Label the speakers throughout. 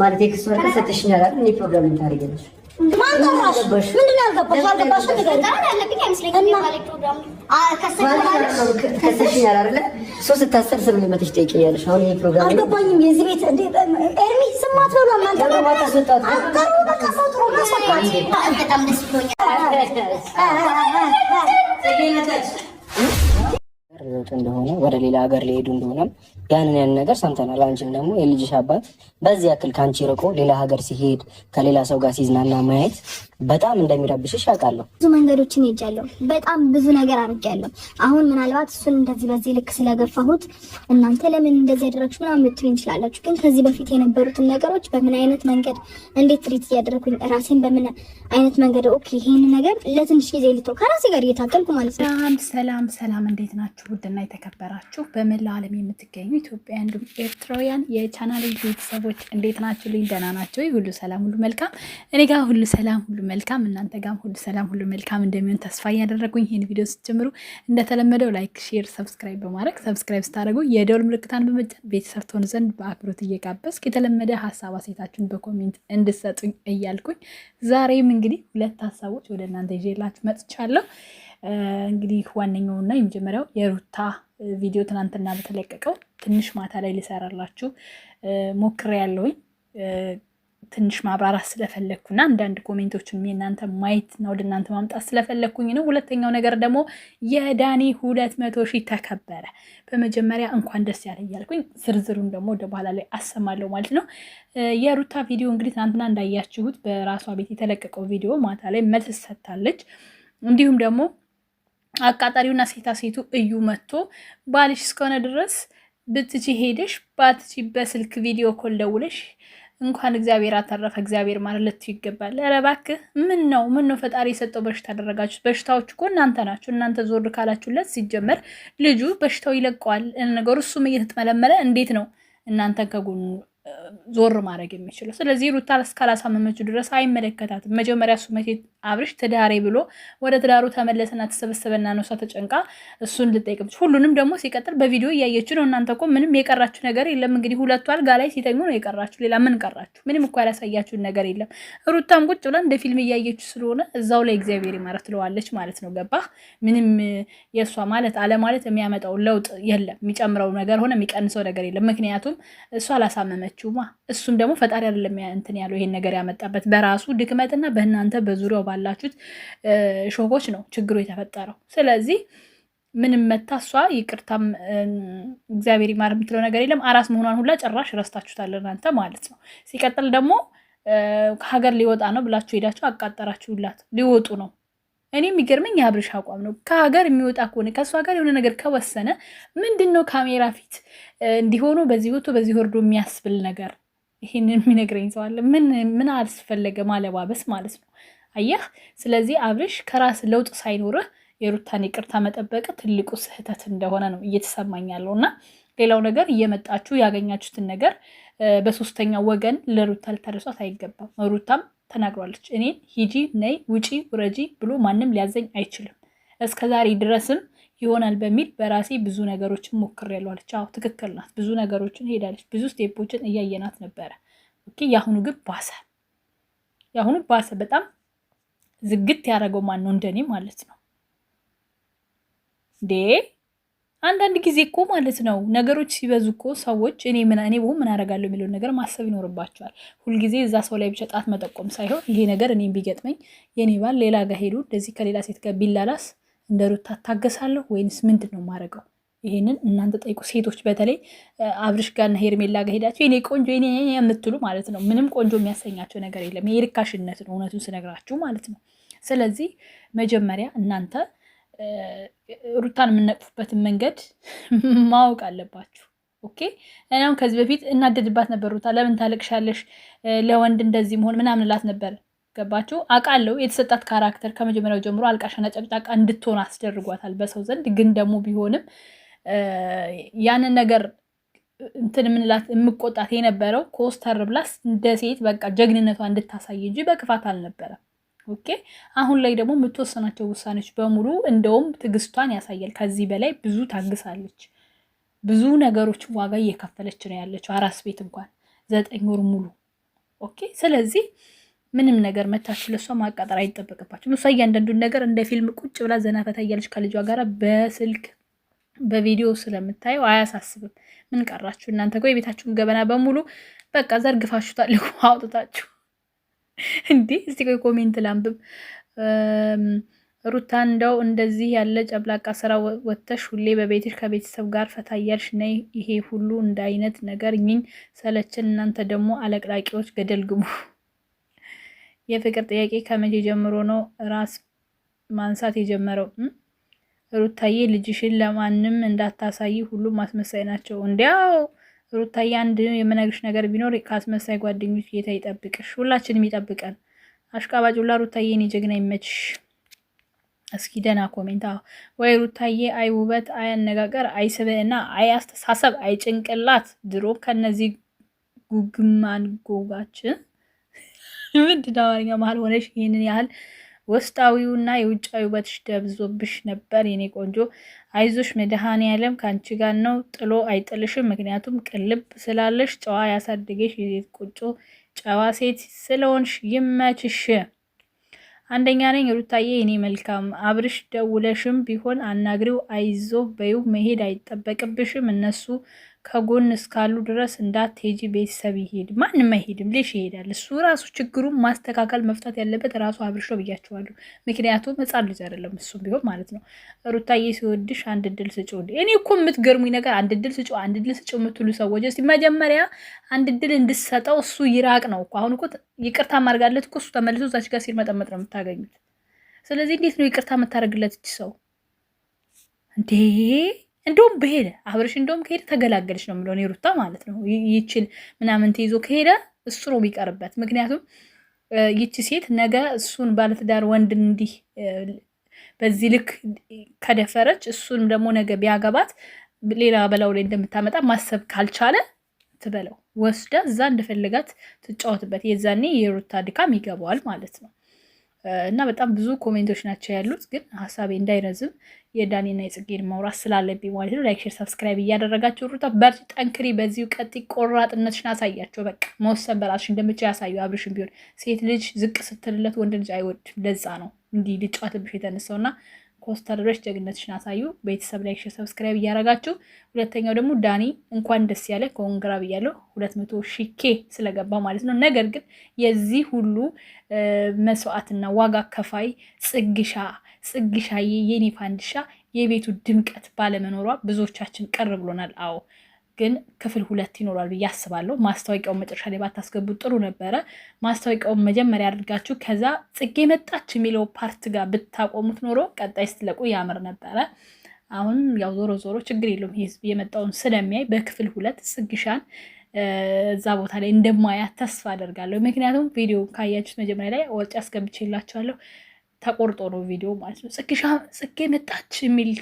Speaker 1: ማለቴ ክስ ወርቅ ሰጥሽኛል አይደል? እኔ ፕሮግራም ታደርጊያለሽ። ማን ገባሽ? ምንድን ነው ያልገባሽ? ያልገባሽ ነገር ከሰሽኛል አይደለ? ሶስት ታሰር ስም ልመጥሽ ጠይቂኛለሽ። አሁን ይሄ ፕሮግራም አልገባኝም። የዚህ ቤት እንዴ ኤርሚ ስማት ነው ለማን ተባባ ተሰጣት አቀሩ በቃ ፈጥሮ ማሰጣት በጣም ደስ ብሎኛል። እህት እንደሆነ ወደ ሌላ ሀገር ሊሄዱ እንደሆነም ያንን ያን ነገር ሰምተናል። አንቺም ደግሞ የልጅሽ አባት በዚህ ያክል ከአንቺ ርቆ ሌላ ሀገር ሲሄድ ከሌላ ሰው ጋር ሲዝናና ማየት በጣም እንደሚረብሽሽ ያውቃለሁ። ብዙ መንገዶችን ሄጃለሁ። በጣም ብዙ ነገር አድርጌያለሁ። አሁን ምናልባት እሱን እንደዚህ በዚህ ልክ ስለገፋሁት እናንተ ለምን እንደዚህ ያደረግሽ ምናምን ምትሉ እንችላላችሁ። ግን ከዚህ በፊት የነበሩትን ነገሮች በምን አይነት መንገድ እንዴት ትሪት እያደረግኩኝ ራሴን በምን አይነት መንገድ ኦኬ፣ ይሄን ነገር ለትንሽ ጊዜ ልተው ከራሴ ጋር እየታገልኩ ማለት ነው። ሰላም ሰላም፣ እንዴት ናችሁ? ውድና የተከበራችሁ በመላው ዓለም የምትገኙ ኢትዮጵያውያን እንዲሁም ኤርትራውያን የቻናል ቤተሰቦች እንዴት ናችሁ? ልኝ ደህና ናቸው። ሁሉ ሰላም፣ ሁሉ መልካም። እኔ ጋር ሁሉ ሰላም፣ ሁሉ መልካም። እናንተ ጋም ሁሉ ሰላም፣ ሁሉ መልካም እንደሚሆን ተስፋ እያደረጉኝ ይህን ቪዲዮ ስትጀምሩ እንደተለመደው ላይክ፣ ሼር፣ ሰብስክራይብ በማድረግ ሰብስክራይብ ስታደርጉ የደውል ምልክታን በመጫን ቤተሰብ ትሆኑ ዘንድ በአክብሮት እየጋበዝኩ የተለመደ ሀሳብ አሴታችሁን በኮሜንት እንድሰጡኝ እያልኩኝ ዛሬም እንግዲህ ሁለት ሀሳቦች ወደ እናንተ ይዤላችሁ መጥቻለሁ። እንግዲህ ዋነኛውና የመጀመሪያው የሩታ ቪዲዮ ትናንትና በተለቀቀው ትንሽ ማታ ላይ ልሰራላችሁ ሞክሬ ያለውኝ ትንሽ ማብራራት ስለፈለግኩና አንዳንድ ኮሜንቶችን የእናንተ ማየት ነው ወደ እናንተ ማምጣት ስለፈለግኩኝ ነው። ሁለተኛው ነገር ደግሞ የዳኒ ሁለት መቶ ሺህ ተከበረ። በመጀመሪያ እንኳን ደስ ያለ እያልኩኝ ዝርዝሩን ደግሞ ወደ በኋላ ላይ አሰማለሁ ማለት ነው። የሩታ ቪዲዮ እንግዲህ ትናንትና እንዳያችሁት በራሷ ቤት የተለቀቀው ቪዲዮ ማታ ላይ መልስ ሰጥታለች። እንዲሁም ደግሞ አቃጣሪውና ሴታ ሴቱ እዩ መጥቶ ባልሽ እስከሆነ ድረስ ብትቺ ሄደሽ ባትቺ በስልክ ቪዲዮ ኮል ደውለሽ እንኳን እግዚአብሔር አተረፈ እግዚአብሔር ማለት ልት ይገባል። ኧረ እባክህ ምን ነው ምን ነው ፈጣሪ የሰጠው በሽታ አደረጋችሁ። በሽታዎች እኮ እናንተ ናችሁ። እናንተ ዞር ካላችሁለት ሲጀመር ልጁ በሽታው ይለቀዋል። ነገሩ እሱም እየተጥመለመለ እንዴት ነው እናንተ ከጎኑ ዞር ማድረግ የሚችለው? ስለዚህ ሩታ እስካላሳመመችው ድረስ አይመለከታትም። መጀመሪያ እሱ መቼ አብርሽ ትዳሬ ብሎ ወደ ትዳሩ ተመለሰና ተሰበሰበና ነው ተጨንቃ እሱን ልጠይቅብች ሁሉንም ደግሞ ሲቀጥል በቪዲዮ እያየችው ነው። እናንተ እኮ ምንም የቀራችሁ ነገር የለም። እንግዲህ ሁለቱ አልጋ ላይ ሲተኙ ነው የቀራችሁ። ሌላ ምን ቀራችሁ? ምንም እኮ ያላሳያችሁን ነገር የለም። ሩታም ቁጭ ብላ እንደ ፊልም እያየችው ስለሆነ እዛው ላይ እግዚአብሔር ይማረት ትለዋለች ማለት ነው። ገባህ? ምንም የእሷ ማለት አለማለት የሚያመጣው ለውጥ የለም። የሚጨምረው ነገር ሆነ የሚቀንሰው ነገር የለም። ምክንያቱም እሷ አላሳመመችውማ። እሱም ደግሞ ፈጣሪ አይደለም እንትን ያለው ይሄን ነገር ያመጣበት በራሱ ድክመትና በእናንተ በዙሪያው ባላችሁት ሾኮች ነው ችግሩ የተፈጠረው። ስለዚህ ምንም መታ እሷ ይቅርታም እግዚአብሔር ይማር የምትለው ነገር የለም። አራስ መሆኗን ሁላ ጭራሽ ረስታችሁታል እናንተ ማለት ነው። ሲቀጥል ደግሞ ከሀገር ሊወጣ ነው ብላችሁ ሄዳችሁ አቃጠራችሁላት። ሊወጡ ነው። እኔ የሚገርመኝ የአብርሽ አቋም ነው። ከሀገር የሚወጣ ከሆነ ከእሷ ጋር የሆነ ነገር ከወሰነ ምንድን ነው ካሜራ ፊት እንዲሆኑ በዚህ ወጥቶ በዚህ ወርዶ የሚያስብል ነገር ይህንን የሚነግረኝ ሰው አለ? ምን ምን አስፈለገ ማለባበስ ማለት ነው። አየህ። ስለዚህ አብርሽ ከራስ ለውጥ ሳይኖርህ የሩታን ይቅርታ መጠበቅ ትልቁ ስህተት እንደሆነ ነው እየተሰማኝ ያለው እና ሌላው ነገር እየመጣችሁ ያገኛችሁትን ነገር በሶስተኛ ወገን ለሩታ ልታደርሷት አይገባም። ሩታም ተናግሯለች። እኔን ሂጂ፣ ነይ፣ ውጪ፣ ውረጂ ብሎ ማንም ሊያዘኝ አይችልም። እስከ ዛሬ ድረስም ይሆናል በሚል በራሴ ብዙ ነገሮችን ሞክሬያለሁ አለች። አዎ ትክክል ናት። ብዙ ነገሮችን ሄዳለች። ብዙ ስቴፖችን እያየናት ነበረ። ኦኬ። የአሁኑ ግን ባሰ። የአሁኑ ባሰ በጣም ዝግት ያደረገው ማን ነው? እንደኔ ማለት ነው እንዴ። አንዳንድ ጊዜ እኮ ማለት ነው ነገሮች ሲበዙ እኮ ሰዎች እኔ ምን እኔ ምን አደርጋለሁ የሚለውን ነገር ማሰብ ይኖርባቸዋል። ሁልጊዜ እዛ ሰው ላይ ብቻ ጣት መጠቆም ሳይሆን ይሄ ነገር እኔም ቢገጥመኝ የኔ ባል ሌላ ጋር ሄዱ እንደዚህ ከሌላ ሴት ጋር ቢላላስ እንደ ሩት ታታገሳለሁ ወይንስ ምንድን ነው የማደርገው? ይህንን እናንተ ጠይቁ። ሴቶች በተለይ አብርሽ ጋርና ሄርሜላ ጋር ሄዳቸው የኔ ቆንጆ የኔ የምትሉ ማለት ነው፣ ምንም ቆንጆ የሚያሰኛቸው ነገር የለም። የርካሽነት ነው፣ እውነቱን ስነግራችሁ ማለት ነው። ስለዚህ መጀመሪያ እናንተ ሩታን የምነቅፉበትን መንገድ ማወቅ አለባችሁ። ኦኬ እናም ከዚህ በፊት እናደድባት ነበር። ሩታ ለምን ታለቅሻለሽ? ለወንድ እንደዚህ መሆን ምናምን እላት ነበር። ገባችሁ? አውቃለሁ የተሰጣት ካራክተር ከመጀመሪያው ጀምሮ አልቃሻና ጨቅጫቃ እንድትሆን አስደርጓታል በሰው ዘንድ ግን ደግሞ ቢሆንም ያንን ነገር እንትን ምንላት የምቆጣት የነበረው ኮስተር ብላስ እንደ ሴት በቃ ጀግንነቷ እንድታሳይ እንጂ በክፋት አልነበረም። ኦኬ አሁን ላይ ደግሞ የምትወሰናቸው ውሳኔዎች በሙሉ እንደውም ትዕግስቷን ያሳያል። ከዚህ በላይ ብዙ ታግሳለች። ብዙ ነገሮች ዋጋ እየከፈለች ነው ያለችው። አራስ ቤት እንኳን ዘጠኝ ወር ሙሉ ኦኬ። ስለዚህ ምንም ነገር መታችሁ ለእሷ ማቃጠር አይጠበቅባችሁም። እሷ እያንዳንዱን ነገር እንደ ፊልም ቁጭ ብላ ዘናፈታ እያለች ከልጇ ጋር በስልክ በቪዲዮ ስለምታየው አያሳስብም። ምን ቀራችሁ እናንተ? እኮ የቤታችሁን ገበና በሙሉ በቃ ዘርግፋችሁታል አውጥታችሁ። እንዲህ እስቲ ቆይ ኮሜንት ላንብብ። ሩታ እንደው እንደዚህ ያለ ጨብላቃ ስራ ወጥተሽ ሁሌ በቤትሽ ከቤተሰብ ጋር ፈታ እያልሽ ነይ። ይሄ ሁሉ እንደ አይነት ነገር እኝኝ ሰለችን። እናንተ ደግሞ አለቅላቂዎች ገደል ግቡ። የፍቅር ጥያቄ ከመቼ ጀምሮ ነው ራስ ማንሳት የጀመረው? ሩታዬ ልጅሽን ለማንም እንዳታሳይ ሁሉም አስመሳይ ናቸው። እንዲያው ሩታዬ አንድ የምነግርሽ ነገር ቢኖር ከአስመሳይ ጓደኞች ጌታ ይጠብቅሽ፣ ሁላችንም ይጠብቀን። አሽቃባጭ ሁላ ሩታዬ፣ እኔ ጀግና ይመችሽ። እስኪ ደህና ኮሜንት ወይ ሩታዬ። አይ ውበት፣ አይ አነጋገር፣ አይ ስብዕና፣ አይ አስተሳሰብ፣ አይ ጭንቅላት። ድሮ ከነዚህ ጉግማን ጎጋችን ምንድን ነው አማርኛ መሀል ሆነሽ ይህንን ያህል ውስጣዊውና የውጫዊ ውበትሽ ደብዞብሽ ነበር የኔ ቆንጆ። አይዞሽ መድኃኔዓለም ከአንቺ ጋር ነው፣ ጥሎ አይጥልሽም። ምክንያቱም ቅልብ ስላለሽ ጨዋ ያሳደገሽ የሴት ቁጮ ጨዋ ሴት ስለሆንሽ ይመችሽ። አንደኛ ነኝ ሩታዬ፣ የኔ መልካም። አብርሽ ደውለሽም ቢሆን አናግሪው፣ አይዞ በይው። መሄድ አይጠበቅብሽም እነሱ ከጎን እስካሉ ድረስ እንዳትሄጂ ቤተሰብ ይሄድ ማንም አይሄድም ልሽ ይሄዳል። እሱ ራሱ ችግሩን ማስተካከል መፍታት ያለበት ራሱ አብርሾ ነው ብያቸዋለሁ። ምክንያቱም ሕፃን ልጅ አይደለም እሱም ቢሆን ማለት ነው። ሩታዬ ሲወድሽ አንድ ድል ስጭ እኔ እኮ የምትገርሙኝ ነገር አንድ ድል ስጭ አንድ ድል ስጭ የምትሉ ሰዎች እስኪ መጀመሪያ አንድ ድል እንድሰጠው እሱ ይራቅ ነው እኮ። አሁን እኮ ይቅርታ ማድረጋለት እኮ እሱ ተመልሶ እዛች ጋር ሲል መጠመጥ ነው የምታገኙት። ስለዚህ እንዴት ነው ይቅርታ የምታደርግለት እች ሰው እንዴ? እንደውም በሄደ አብረሽ እንደውም ከሄደ ተገላገለች ነው የምለው ሩታ ማለት ነው። ይችል ምናምን ተይዞ ከሄደ እሱ ነው የሚቀርበት። ምክንያቱም ይቺ ሴት ነገ እሱን ባለትዳር ወንድ እንዲህ በዚህ ልክ ከደፈረች እሱንም ደግሞ ነገ ቢያገባት ሌላ በላው ላይ እንደምታመጣ ማሰብ ካልቻለ ትበለው ወስዳ እዛ እንደፈለጋት ትጫወትበት። የዛኔ የሩታ ድካም ይገባዋል ማለት ነው። እና በጣም ብዙ ኮሜንቶች ናቸው ያሉት። ግን ሀሳቤ እንዳይረዝም የዳኒና የጽጌን ማውራት ስላለብኝ ማለት ነው። ላይክ፣ ሼር፣ ሰብስክራይብ እያደረጋቸው ሩታ በርቺ፣ ጠንክሪ፣ በዚሁ ቀጢ፣ ቆራጥነትሽን አሳያቸው። በቃ መወሰን በራስሽ እንደምቻ ያሳዩ። አብርሽን ቢሆን ሴት ልጅ ዝቅ ስትልለት ወንድ ልጅ አይወድም። ለዛ ነው እንዲህ ልጫትብሽ የተነሳው እና ኮስተር ጀግነትሽን አሳዩ። ቤተሰብ ላይ ሰብስክራይብ እያደረጋችሁ፣ ሁለተኛው ደግሞ ዳኒ እንኳን ደስ ያለ ኮንግራ ብያለሁ፣ ሁለት መቶ ሺህ ኬ ስለገባ ማለት ነው። ነገር ግን የዚህ ሁሉ መስዋዕትና ዋጋ ከፋይ ጽግሻ ጽግሻዬ፣ የኔ ፋንድሻ፣ የቤቱ ድምቀት ባለመኖሯ ብዙዎቻችን ቀር ብሎናል። አዎ ግን ክፍል ሁለት ይኖራል ብዬ አስባለሁ። ማስታወቂያውን መጨረሻ ላይ ባታስገቡት ጥሩ ነበረ። ማስታወቂያውን መጀመሪያ አድርጋችሁ ከዛ ጽጌ መጣች የሚለው ፓርት ጋር ብታቆሙት ኖሮ ቀጣይ ስትለቁ ያምር ነበረ። አሁን ያው ዞሮ ዞሮ ችግር የለውም ህዝብ የመጣውን ስለሚያይ በክፍል ሁለት ጽግሻን እዛ ቦታ ላይ እንደማያት ተስፋ አደርጋለሁ። ምክንያቱም ቪዲዮ ካያችሁት መጀመሪያ ላይ ወጪ አስገብቼላችኋለሁ። ተቆርጦ ነው ቪዲዮ ማለት ነው። ጽጌ መጣች የሚል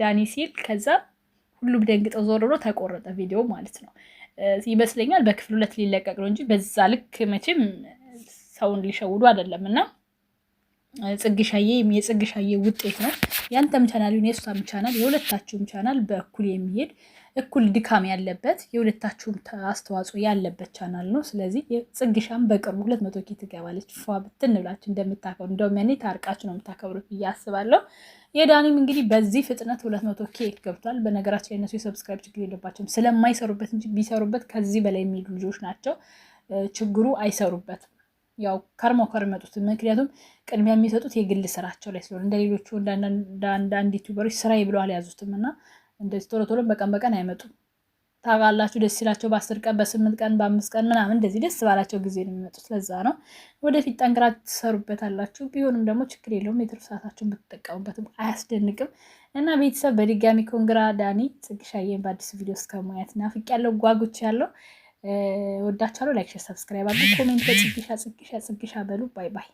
Speaker 1: ዳኒ ሲል ከዛ ሁሉም ደንግጠው ዞር ብሎ ተቆረጠ ቪዲዮ ማለት ነው ይመስለኛል። በክፍል ሁለት ሊለቀቅ ነው እንጂ በዛ ልክ መቼም ሰውን ሊሸውዱ አይደለም እና ጽግሻዬ የጽግሻዬ ውጤት ነው። ያንተም ቻናል የእሷም ቻናል የሁለታችሁም ቻናል በእኩል የሚሄድ እኩል ድካም ያለበት የሁለታችሁም አስተዋጽኦ ያለበት ቻናል ነው። ስለዚህ ጽግሻም በቅርቡ ሁለት መቶ ኬ ትገባለች። ፏ ብትን ብላችሁ እንደምታከብሩ እንደውም ያኔ ታርቃችሁ ነው የምታከብሩት ብዬ አስባለሁ። የዳኒም እንግዲህ በዚህ ፍጥነት ሁለት መቶ ኬ ገብቷል። በነገራችን ላይ እነሱ የሰብስክራይብ ችግር የለባቸውም ስለማይሰሩበት እንጂ ቢሰሩበት ከዚህ በላይ የሚሉ ልጆች ናቸው። ችግሩ አይሰሩበትም። ያው ከርሞ ከርመጡት ምክንያቱም ቅድሚያ የሚሰጡት የግል ስራቸው ላይ ስለሆነ እንደ ሌሎቹ ዩቱበሮች ስራ ብለው አልያዙትም እና እንደዚህ ቶሎ ቶሎ በቀን በቀን አይመጡም። ታውቃላችሁ ደስ ሲላቸው በአስር ቀን በስምንት ቀን በአምስት ቀን ምናምን እንደዚህ ደስ ባላቸው ጊዜ ነው የሚመጡት። ለዛ ነው ወደፊት ጠንክራ ትሰሩበት አላችሁ። ቢሆንም ደግሞ ችግር የለውም የትርፍ ሰዓታችሁን ብትጠቀሙበትም አያስደንቅም። እና ቤተሰብ በድጋሚ ኮንግራ ዳኒ ጽግሻዬን በአዲስ ቪዲዮ እስከ ማየት ናፍቅ ያለው ጓጉች ያለው ወዳችኋለሁ። ላይክ፣ ሸር፣ ሰብስክራይብ አድርጉ። ኮሜንት ጽግሻ ጽግሻ ጽግሻ በሉ። ባይ ባይ